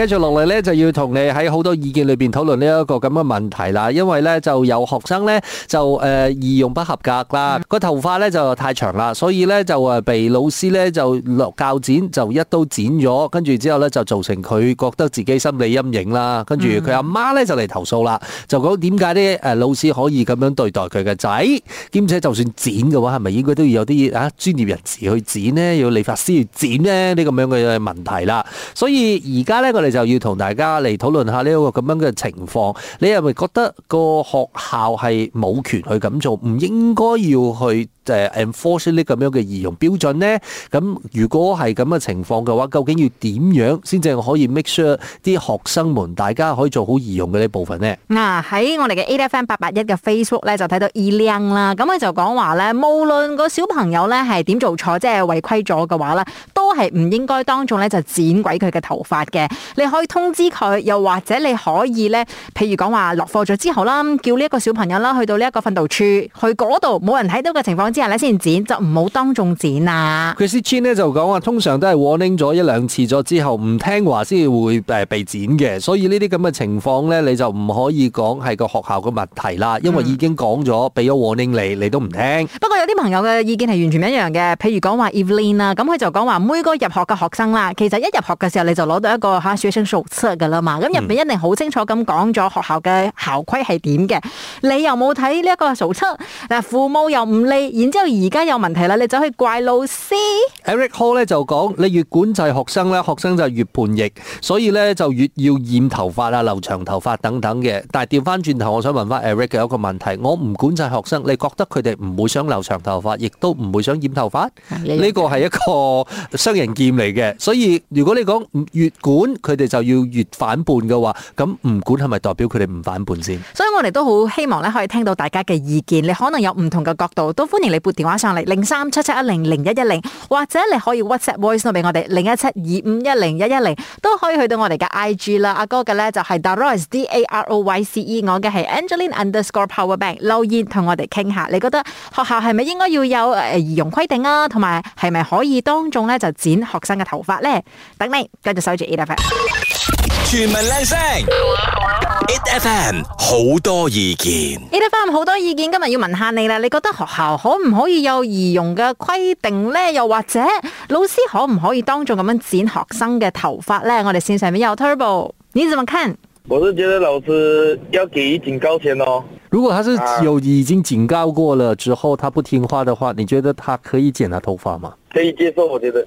跟住落嚟咧，就要同你喺好多意見裏邊討論呢一個咁嘅問題啦，因為咧就有學生咧就誒儀容不合格啦，個頭髮咧就太長啦，所以咧就誒被老師咧就落教剪就一刀剪咗，跟住之後咧就造成佢覺得自己心理陰影啦，跟住佢阿媽咧就嚟投訴啦，就講點解啲誒老師可以咁樣對待佢嘅仔，兼且就算剪嘅話係咪應該都要有啲啊專業人士去剪咧，要理髮師去剪咧呢咁樣嘅問題啦，所以而家咧我哋。就要同大家嚟討論下呢一個咁樣嘅情況，你係咪覺得個學校係冇權去咁做，唔應該要去誒 enforce 呢咁樣嘅儀容標準咧？咁如果係咁嘅情況嘅話，究竟要點樣先至可以 make sure 啲學生們大家可以做好儀容嘅呢部分咧？嗱，喺我哋嘅 ATFM 八八一嘅 Facebook 咧就睇到二靚啦，咁佢就講話咧，無論個小朋友咧係點做錯，即係違規咗嘅話咧，都都係唔應該當眾咧就剪鬼佢嘅頭髮嘅，你可以通知佢，又或者你可以咧，譬如講話落課咗之後啦，叫呢一個小朋友啦去到呢一個訓導處，去嗰度冇人睇到嘅情況之下咧先剪，就唔好當眾剪啊。Christian 咧就講話通常都係 warning 咗一兩次咗之後唔聽話先會被剪嘅，所以呢啲咁嘅情況咧你就唔可以講係個學校嘅問題啦，因為已經講咗俾咗 warning 你，你都唔聽。嗯、不過有啲朋友嘅意見係完全一樣嘅，譬如講話 Evelyn 啊，咁佢就講話妹。呢個入學嘅學生啦，其實一入學嘅時候你就攞到一個吓學生手冊噶啦嘛，咁入面一定好清楚咁講咗學校嘅校規係點嘅，你又冇睇呢一個手冊，嗱父母又唔理，然之後而家有問題啦，你走去怪老師。Eric Hall 咧就講，你越管制學生咧，學生就越叛逆，所以咧就越要染頭髮啊，留長頭髮等等嘅。但係調翻轉頭，我想問翻 Eric 有一個問題，我唔管制學生，你覺得佢哋唔會想留長頭髮，亦都唔會想染頭髮？呢、這個係一個。 雙刃劍嚟嘅，所以如果你講越管佢哋就要越反叛嘅話，咁唔管係咪代表佢哋唔反叛先？所以我哋都好希望咧，可以聽到大家嘅意見。你可能有唔同嘅角度，都歡迎你撥電話上嚟零三七七一零零一一零，或者你可以 WhatsApp voice 到俾我哋零一七二五一零一一零，都可以去到我哋嘅 IG 啦。阿哥嘅咧就係 Daroyce D A R O Y C E，我嘅係 Angelina underscore Power Bank，留言同我哋傾下，你覺得學校係咪應該要有誒儀容規定啊？同埋係咪可以當眾咧就？剪學生嘅頭髮咧，等你繼續收住 itfm。全民靚聲 itfm 好多意見，itfm 好多意見。今日要問下你啦，你覺得學校可唔可以有儀容嘅規定咧？又或者老師可唔可以當眾咁樣剪學生嘅頭髮咧？我哋線上面有 turbo，你怎麼看？我是覺得老師要給予警告先咯。如果他是有已經警告過了之後，他不聽話的話，你覺得他可以剪他頭髮嗎？可以接受，我覺得。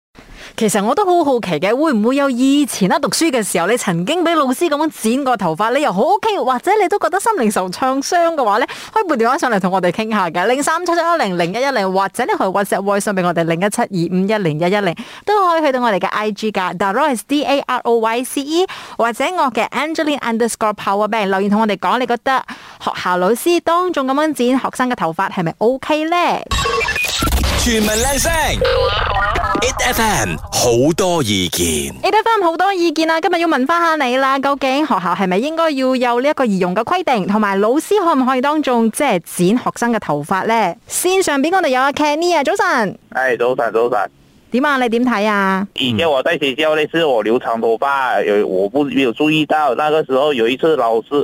其實我都好好奇嘅，會唔會有以前啦，讀書嘅時候，你曾經俾老師咁樣剪過頭髮，你又好 OK，或者你都覺得心靈受創傷嘅話呢，可以撥電話上嚟同我哋傾下㗎，零三七七零零一一零，或者你可以 WhatsApp 俾我哋零一七二五一零一一零，都可以去到我哋嘅 IG 噶，DAROYCE 或者我嘅 Angelina underscore Power 俾留言同我哋講，你覺得學校老師當眾咁樣剪學生嘅頭髮係咪 OK 呢？全民靚聲。i fm 好多意見，i fm 好多意見啊！今日要問翻下你啦，究竟學校係咪應該要有呢一個儀容嘅規定，同埋老師可唔可以當眾即係剪學生嘅頭髮呢？線上邊我哋有阿 Kenny 啊。早晨，誒，早晨，早晨，點啊？你點睇啊？以前我在學校呢，那次我留長頭髮，有我不有注意到，那個時候有一次老師。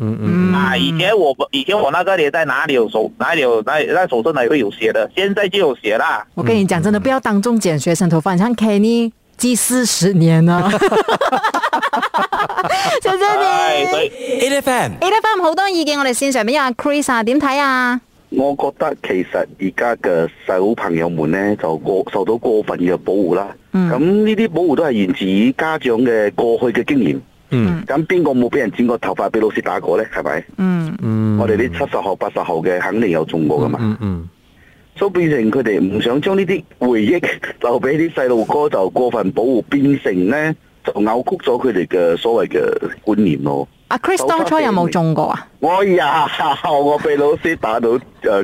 嗯嗯，啊， 以前我以前我那個咧，在哪裏有手，哪裏有，那裏手上，哪裏會有血的，現在就有血啦。我跟你講，真的不要當眾剪學生頭髮，像 kenny 幾四十年啦。在 這裏，A F a M，A F a M 好多意見，我哋線上面有阿 Chris 啊，點睇啊？我覺得其實而家嘅細佬朋友們咧，就過受到過分嘅保護啦。咁呢啲保護都係源自家長嘅過去嘅經驗。嗯，咁邊個冇俾人剪過頭髮，俾老師打過咧？係咪？嗯嗯，我哋啲七十後、八十後嘅肯定有中過噶嘛。嗯嗯，所、嗯、以、so, 變成佢哋唔想將呢啲回憶留俾啲細路哥，就過分保護，變成咧就扭曲咗佢哋嘅所謂嘅觀念咯。阿 Chris 當初有冇中過啊？我、哦、呀，我俾老師打到誒，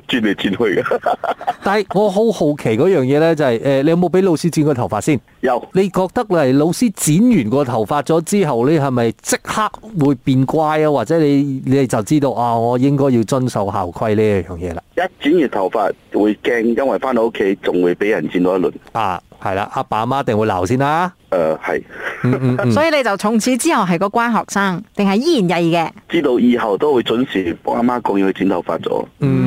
轉嚟轉去嘅。 但係我好好奇嗰樣嘢呢，就係、是、誒，你有冇俾老師剪過頭髮先？有。你覺得老師剪完個頭髮咗之後，你係咪即刻會變乖啊？或者你你就知道啊？我應該要遵守校規呢樣嘢啦。一剪完頭髮會驚，因為返到屋企仲會俾人剪多一輪。啊！係啦，阿爸阿媽一定會鬧先啦。誒、呃，係、 嗯嗯嗯，所以你就從此之後係個乖學生，定係依然曳嘅？知道以後都會準時。我阿媽講要去剪頭髮咗。嗯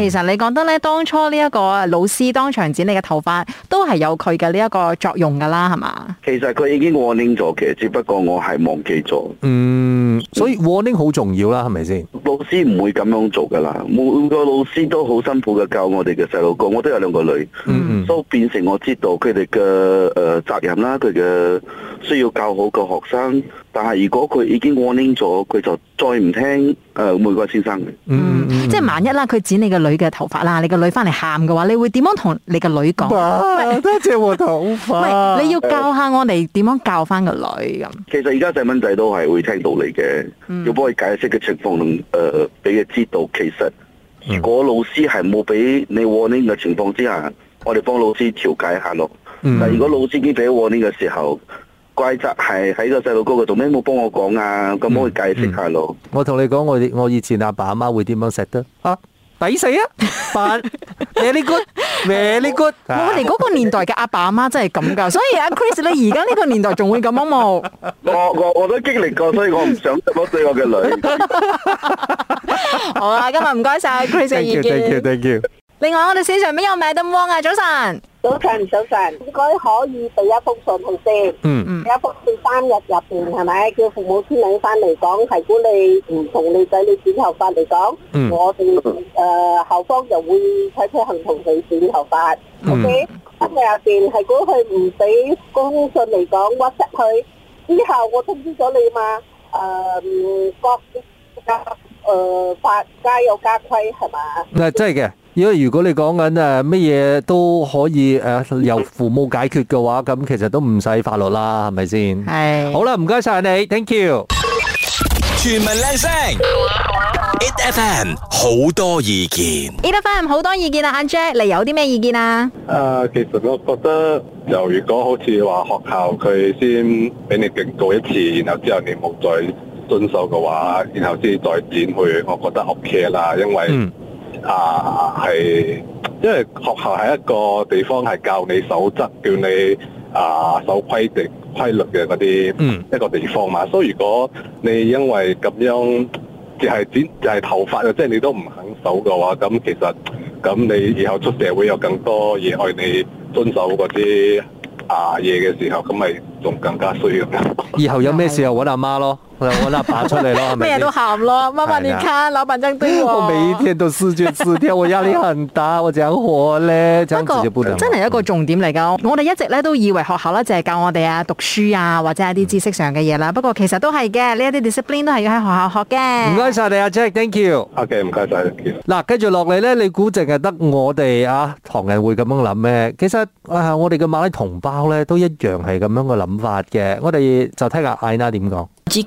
其實你講得咧，當初呢一個老師當場剪你嘅頭髮，都係有佢嘅呢一個作用噶啦，係嘛？其實佢已經 warning 咗，其實只不過我係忘記咗。嗯，所以 warning 好重要啦，係咪先？老師唔會咁樣做噶啦，每個老師都好辛苦嘅教我哋嘅細路哥。我都有兩個女，嗯，嗯，都變成我知道佢哋嘅誒責任啦，佢嘅需要教好個學生。但係如果佢已經 warning 咗，佢就再唔聽誒、呃，每個先生嘅，嗯，即係萬一啦，佢剪你個女嘅頭髮啦，你個女翻嚟喊嘅話，你會點樣同你個女講？唔多謝我頭髮，你要教下我哋點樣教翻個女咁、呃。其實而家細蚊仔都係會聽到你嘅、嗯，要幫佢解釋嘅情況，能誒俾佢知道，其實如果老師係冇俾你 warning 嘅情況之下，我哋幫老師調解下咯、嗯。但係如果老師已經俾 warning 嘅時候，怪責係喺個細路哥度，咩冇幫我講啊？咁可以解釋下咯、嗯嗯。我同你講，我我以前阿爸阿媽會點樣食得啊？抵死啊 very good，very good。 我哋個年代嘅阿爸阿媽真係咁噶，所以阿、啊、Chris， 你而家呢個年代仲會咁樣冇 我我我都經歷過，所以我唔想對我嘅女。 好啊，今日唔該晒 Chris 嘅意見。thank you，thank you 另外，我哋線上邊有埋啲乜啊？早晨。早晨，早晨，應該可以第一封信去借，嗯嗯，一封信三日入面係咪？叫父母簽名翻嚟講，係果你唔同你仔女剪頭髮嚟講，嗯，我哋誒校方就會睇佢行同佢剪頭髮。O K，咁下邊係果佢唔俾公信嚟講 WhatsApp 佢之後，我通知咗你嘛？誒，國法誒法家有家規係嘛？嗱，真係嘅。因為如果你講緊誒咩嘢都可以誒由父母解決嘅話，咁其實都唔使法律啦，係咪先？係。好啦，唔該晒你，Thank you。全民靚聲，it FM 好多意見，it FM 好多意見啊，Jack，你有啲咩意見啊？誒，其實我覺得就如果好似話學校佢先俾你警告一次，然後之後你冇再遵守嘅話，然後先再剪去，我覺得 ok 啦，因為。啊，係，因為學校係一個地方係教你守則，叫你啊守規定、規律嘅嗰啲一個地方嘛、嗯。所以如果你因為咁樣就係、是、剪就係、是、頭髮啊，即、就、係、是、你都唔肯守嘅話，咁其實咁你以後出社會有更多嘢愛你遵守嗰啲啊嘢嘅時候，咁咪仲更加衰。咁以後有咩事揾阿媽咯。 我啦，爬出嚟咯，咩都喊咯。媽媽，你看，啊，老闆這樣對我，我每一天都試住四天，我壓力很大，我點樣活咧？ 真係一個重點嚟噶， 我哋一直咧都以為學校咧淨係教我哋啊讀書啊或者係啲知識上嘅嘢啦。 不過其實都係嘅，呢一啲 discipline 都係要喺學校學嘅。唔該晒你啊，Jack，thank you okay, 謝謝。OK，唔該晒。嗱，跟住落嚟咧，你估淨係得我哋啊唐人會咁樣諗咩？其實、哎、我哋嘅馬來同胞咧都一樣係咁樣嘅諗法嘅。我哋就睇下 Aina 點講。G-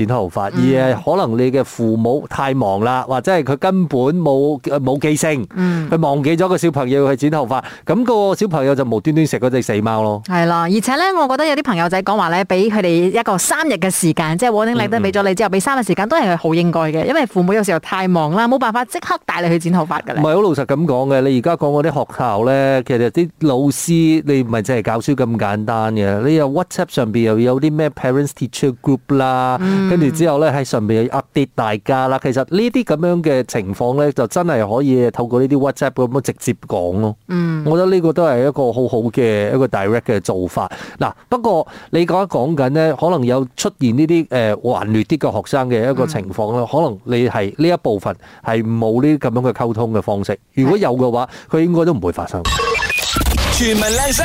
剪頭髮，而係可能你嘅父母太忙啦，或者係佢根本冇冇記性，佢忘記咗個小朋友去剪頭髮，咁個小朋友就無端端食嗰隻死貓咯。係啦，而且咧，我覺得有啲朋友仔講話咧，俾佢哋一個三日嘅時間，即係 warning letter 都俾咗你之後，俾三日時間都係好應該嘅，因為父母有時候太忙啦，冇辦法即刻帶你去剪頭髮㗎啦。唔係好老實咁講嘅，你而家講嗰啲學校咧，其實啲老師你唔係凈係教書咁簡單嘅，你又 WhatsApp 上邊又有啲咩 parents teacher group 啦。跟住之後咧，喺上邊壓跌大家啦。其實呢啲咁樣嘅情況咧，就真係可以透過呢啲 WhatsApp 咁樣直接講咯。嗯，我覺得呢個都係一個好好嘅一個 direct 嘅做法。嗱，不過你講講緊咧，可能有出現呢啲誒頑劣啲嘅學生嘅一個情況呢，嗯，可能你係呢一部分係冇呢咁樣嘅溝通嘅方式。如果有嘅話，佢應該都唔會發生。全民靚聲。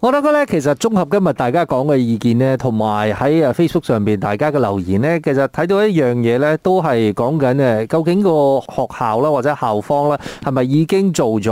我覺得咧，其實綜合今日大家講嘅意見咧，同埋喺 Facebook 上邊大家嘅留言咧，其實睇到一樣嘢咧，都係講緊誒，究竟個學校啦或者校方啦，係咪已經做咗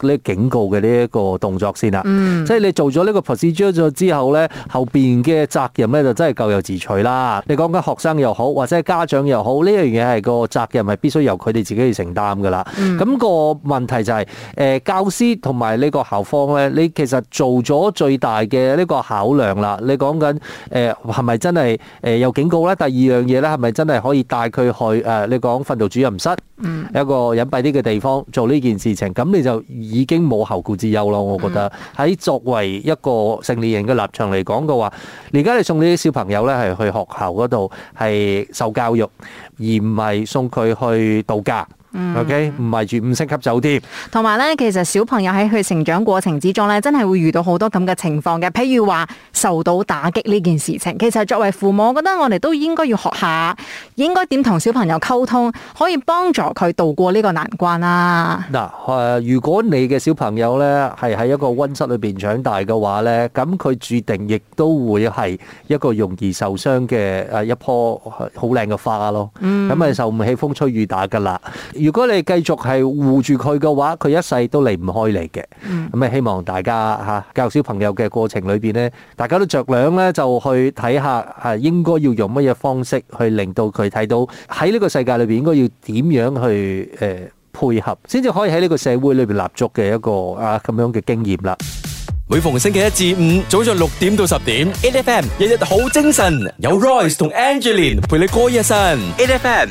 誒呢警告嘅呢一個動作先啦？嗯，所以你做咗呢個 procedure 咗之後咧，後邊嘅責任咧就真係咎由自取啦。你講緊學生又好，或者家長又好，呢樣嘢係個責任係必須由佢哋自己去承擔噶啦。咁個問題就係誒教師同埋呢個校方呢，你其實做咗。所最大嘅呢個考量啦，你講緊誒係咪真係誒有警告咧？第二樣嘢咧係咪真係可以帶佢去誒？你講訓導主任室一個隱蔽啲嘅地方做呢件事情，咁你就已經冇後顧之憂咯。我覺得喺作為一個成年人嘅立場嚟講嘅話，而家你送呢啲小朋友咧係去學校嗰度係受教育，而唔係送佢去度假。嗯、O.K. 唔係住五星級酒店，同埋咧，其實小朋友喺佢成長過程之中咧，真係會遇到好多咁嘅情況嘅。譬如話受到打擊呢件事情，其實作為父母，我覺得我哋都應該要學下應該點同小朋友溝通，可以幫助佢度過呢個難關啦。嗱，如果你嘅小朋友呢係喺一個温室裏邊長大嘅話呢，咁佢注定亦都會係一個容易受傷嘅誒一樖好靚嘅花咯。嗯，咁咪受唔起風吹雨打噶啦。如果你繼續係護住佢嘅話，佢一世都離唔開你嘅。咁咪希望大家嚇教小朋友嘅過程裏邊咧，大家都盡量咧就去睇下，係應該要用乜嘢方式去令到佢睇到喺呢個世界裏邊應該要點樣去誒配合，先至可以喺呢個社會裏邊立足嘅一個啊咁樣嘅經驗啦。每逢星期一至五早上六點到十點，8FM 日日好精神，有 Royce 同 Angelina 陪你過夜身，8FM。